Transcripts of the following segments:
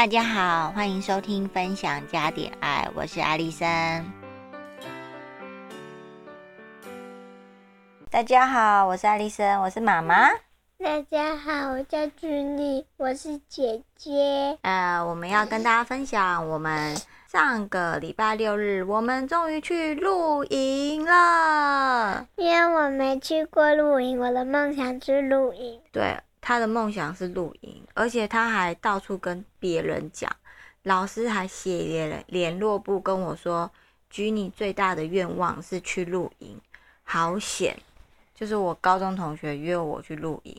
大家好，歡迎收聽分享加點愛，我是艾利森。大家好，我是艾利森，我是媽媽。大家好，我叫 GINNY，我是姐姐。啊、呃，我們要跟大家分享，我們上個禮拜六日，我們終於去露營了。因為我沒去過露營，我的夢想是露營。對。他的夢想是露營，而且他還到處跟別人講。老師還寫了聯絡簿跟我說：“菊你最大的願望是去露營。”好險，就是我高中同學約我去露營，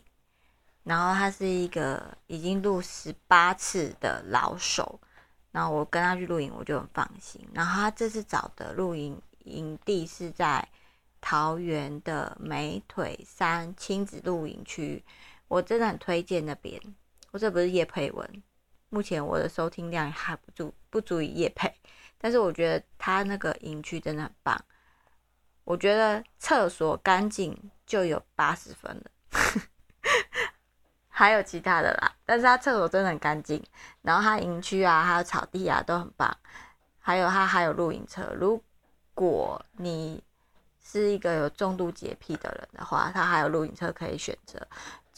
然後他是一個已經露十八次的老手，然後我跟他去露營我就很放心。然後他這次找的露營營地是在桃園的美腿山親子露營區。我真的很推薦那邊，我這不是業配文，目前我的收聽量還不足，不足以業配，但是我覺得他那個營區真的很棒，我覺得廁所乾淨就有八十分了， 還有其他的啦，但是他廁所真的很乾淨，然後他營區啊，還有草地啊都很棒，還有他還有露營車，如果你是一個有重度潔癖的人的話，他還有露營車可以選擇。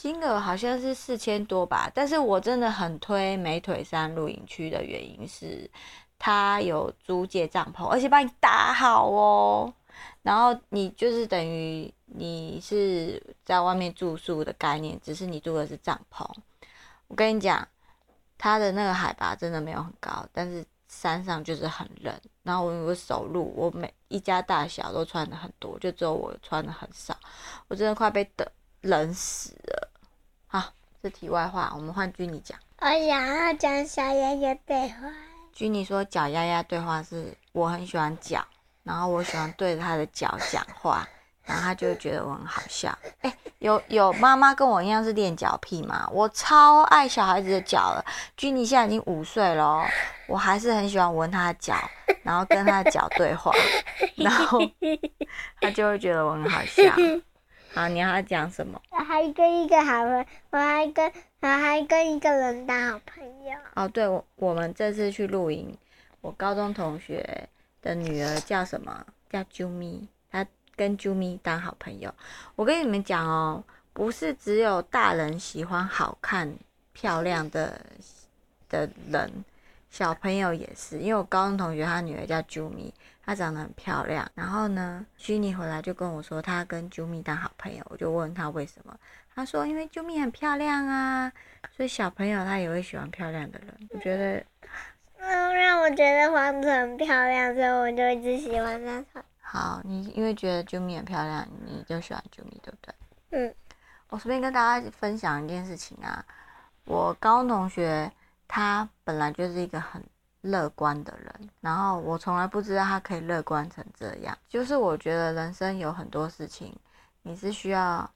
金額好像是四千多吧，但是我真的很推美腿山露營區的原因是，它有租借帳篷，而且幫你搭好哦。然後你就是等於你是在外面住宿的概念，只是你住的是帳篷。我跟你講，它的那個海拔真的沒有很高，但是山上就是很冷。然後我我走路，我每一家大小都穿的很多，就只有我穿的很少，我真的快被等冷死了。是題外話，我們換 GINNY 講。我想要講小丫丫對話。GINNY 說腳丫丫對話是我很喜歡腳，然後我喜歡對着他的腳講話，然後他就會覺得我很好笑。哎、欸，有有媽媽跟我一樣是戀腳癖嗎？我超愛小孩子的腳了。GINNY 現在已經五歲了，我還是很喜歡聞她的腳，然後跟她的腳對話，然後她就會覺得我很好笑。 好，你要她講什麼？還跟一個好朋友，我還跟我還跟一個人當好朋友。哦，對，我我們這次去露營，我高中同學的女兒叫什麼？叫 Jumi，她跟 Jumi 當好朋友。我跟你們講哦、喔，不是只有大人喜歡好看漂亮的的人。小朋友也是，因為我高中同學他女兒叫 Jumi，她長得很漂亮。然後呢，GINNY 回來就跟我說，她跟 Jumi 當好朋友。我就問她為什麼，她說因為 Jumi 很漂亮啊，所以小朋友她也會喜歡漂亮的人。我覺得，嗯，嗯讓我覺得王子很漂亮，所以我就一直喜歡他。好，你因為覺得 Jumi 很漂亮，你就喜歡 Jumi 對不對？嗯，我順便跟大家分享一件事情啊，我高中同學。他本來就是一個很樂觀的人，然後我從來不知道他可以樂觀成這樣。就是我覺得人生有很多事情，你是需要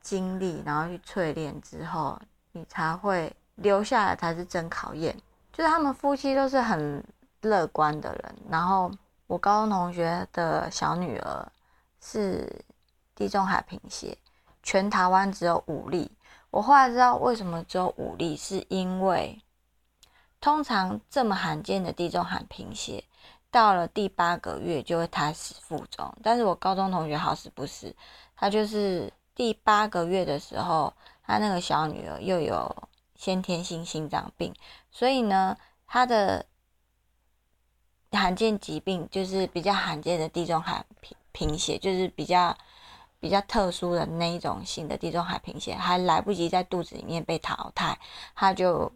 經歷，然後去淬煉之後，你才會留下來，才是真考驗。就是他們夫妻都是很樂觀的人，然後我高中同學的小女兒是地中海貧血，全台灣只有五例。我後來知道為什麼只有五例，是因為。通常這麼罕見的地中海貧血，到了第八個月就會胎死腹中。但是我高中同學好死不死，他就是第八個月的時候，他那個小女兒又有先天性心臟病，所以呢，他的罕見疾病就是比較罕見的地中海貧貧血，就是比較比較特殊的那一種型的地中海貧血，還來不及在肚子裡面被淘汰，他就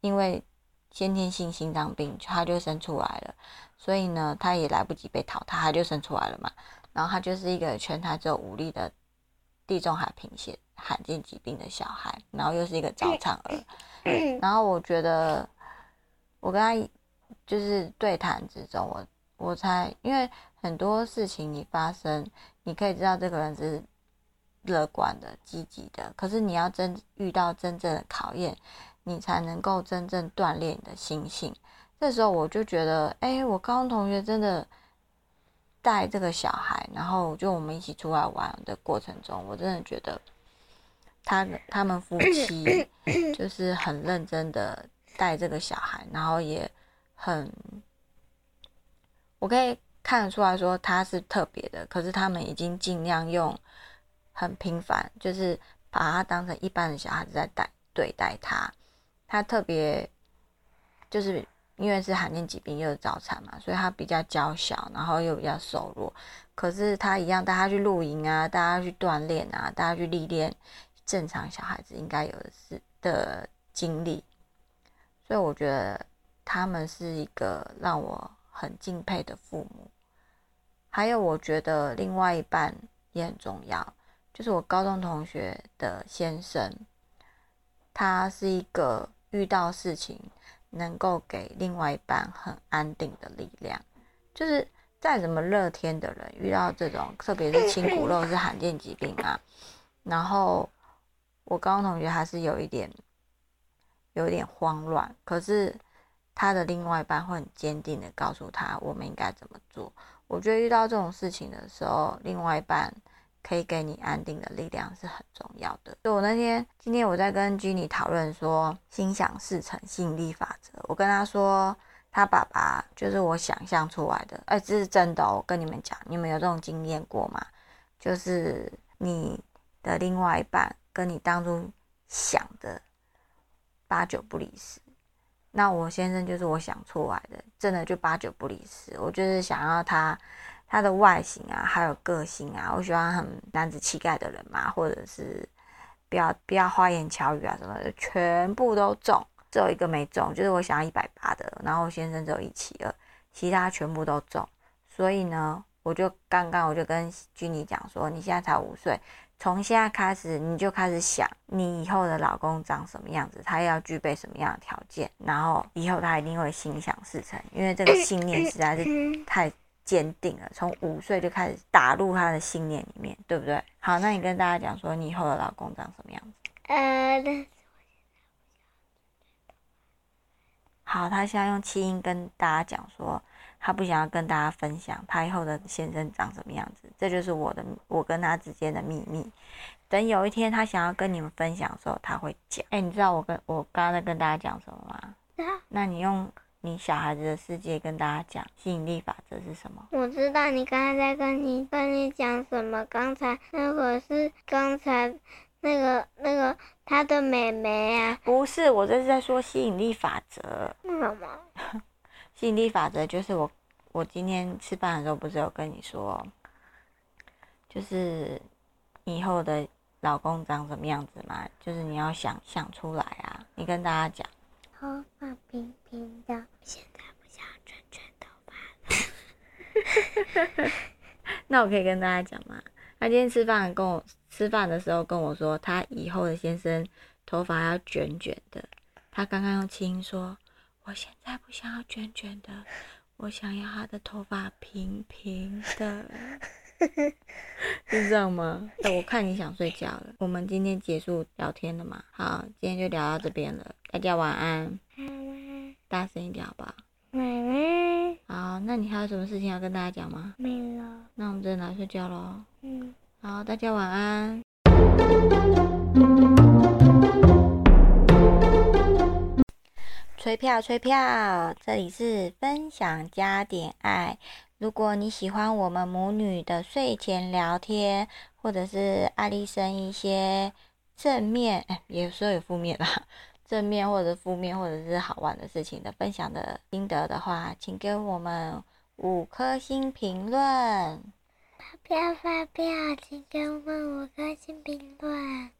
因為。先天性心臟病，他就生出來了，所以呢，他也來不及被淘汰，他就生出來了嘛。然後他就是一個全台只有五例的地中海貧血罕見疾病的小孩，然後又是一個早產兒。 然後我覺得，我跟他就是對談之中我，我我才因為很多事情你發生，你可以知道這個人是樂觀的、積極的，可是你要真遇到真正的考驗。你才能夠真正鍛鍊你的心性。這時候我就覺得，哎、欸，我高中同學真的帶這個小孩，然後就我們一起出來玩的過程中，我真的覺得他他們夫妻就是很認真的帶這個小孩，然後也很，我可以看得出來說他是特別的，可是他們已經盡量用很平凡，就是把他當成一般的小孩子在帶，對待他。他特別，就是因為是罕見疾病又是早產嘛，所以他比較嬌小，然後又比較瘦弱。可是他一樣帶他去露營啊，帶他去鍛鍊啊，帶他去歷練正常小孩子應該有的是的經歷。所以我覺得他們是一個讓我很敬佩的父母。還有，我覺得另外一半也很重要，就是我高中同學的先生，他是一個。遇到事情能夠給另外一半很安定的力量，就是再怎麼樂天的人，遇到這種特別是親骨肉是罕見疾病啊，然後我高中同學還是有一點，有一點慌亂，可是他的另外一半會很堅定的告訴他我們應該怎麼做。我覺得遇到這種事情的時候，另外一半，可以給你安定的力量是很重要的。就我那天，今天我在跟 GINNY 討論說，心想事成、吸引力法則。我跟他說，他爸爸就是我想象出來的。哎，這是真的哦。我跟你們講，你們有這種經驗過嗎？就是你的另外一半跟你當初想的八九不離十。那我先生就是我想出來的，真的就八九不離十。我就是想要他。他的外形啊，還有個性啊，我喜歡很男子氣概的人嘛，或者是不要不要花言巧語啊什麼的，全部都中，只有一個沒中，就是我想要一百八的，然後先生只有一七二，其他全部都中。所以呢，我就剛剛我就跟君妮講說，你現在才五歲，從現在開始你就開始想你以後的老公長什麼樣子，他要具備什麼樣的條件，然後以後他一定會心想事成，因為這個信念實在是太。堅定了，從五歲就開始打入他的信念裡面，對不對？好，那你跟大家講說你以後的老公長什麼樣子？呃，好，他現在用氣音跟大家講說，他不想要跟大家分享他以後的先生長什麼樣子，這就是我的，我跟他之間的秘密。等有一天他想要跟你們分享的時候，他會講。哎、欸，你知道我跟我剛剛在跟大家講什麼嗎？那你用。你小孩子的世界，跟大家講吸引力法則是什麼？我知道你剛才在跟你跟你講什麼。剛才那個是剛才那個那個他的妹妹啊。不是，我這是在說吸引力法則。為什麼？ 吸引力法則就是我我今天吃飯的時候不是有跟你說，就是以後的老公長什麼樣子嘛？就是你要想想出來啊，你跟大家講。頭髮平平的，現在不想要捲捲頭髮了。 那我可以跟大家講嗎？他今天吃飯跟我吃飯的時候跟我說，他以後的先生頭髮要捲捲的。他剛剛用輕音說：“我現在不想要捲捲的，我想要他的頭髮平平的。” 你知道嗎？那我看你想睡覺了。 我們今天結束聊天了嘛？好，今天就聊到這邊了。大家晚安。媽媽大聲一點，好不好媽媽？好，那你還有什麼事情要跟大家講嗎？沒了。那我們真的來睡覺咯。嗯。好，大家晚安。吹、嗯、票，吹票！這裡是分享加點愛。如果你喜歡我們母女的睡前聊天，或者是艾利森一些正面，哎、欸，也說有負面啦，正面或者負面，或者是好玩的事情的分享的心得的話，請給我們五顆星評論。發表發表，請給我們五顆星評論。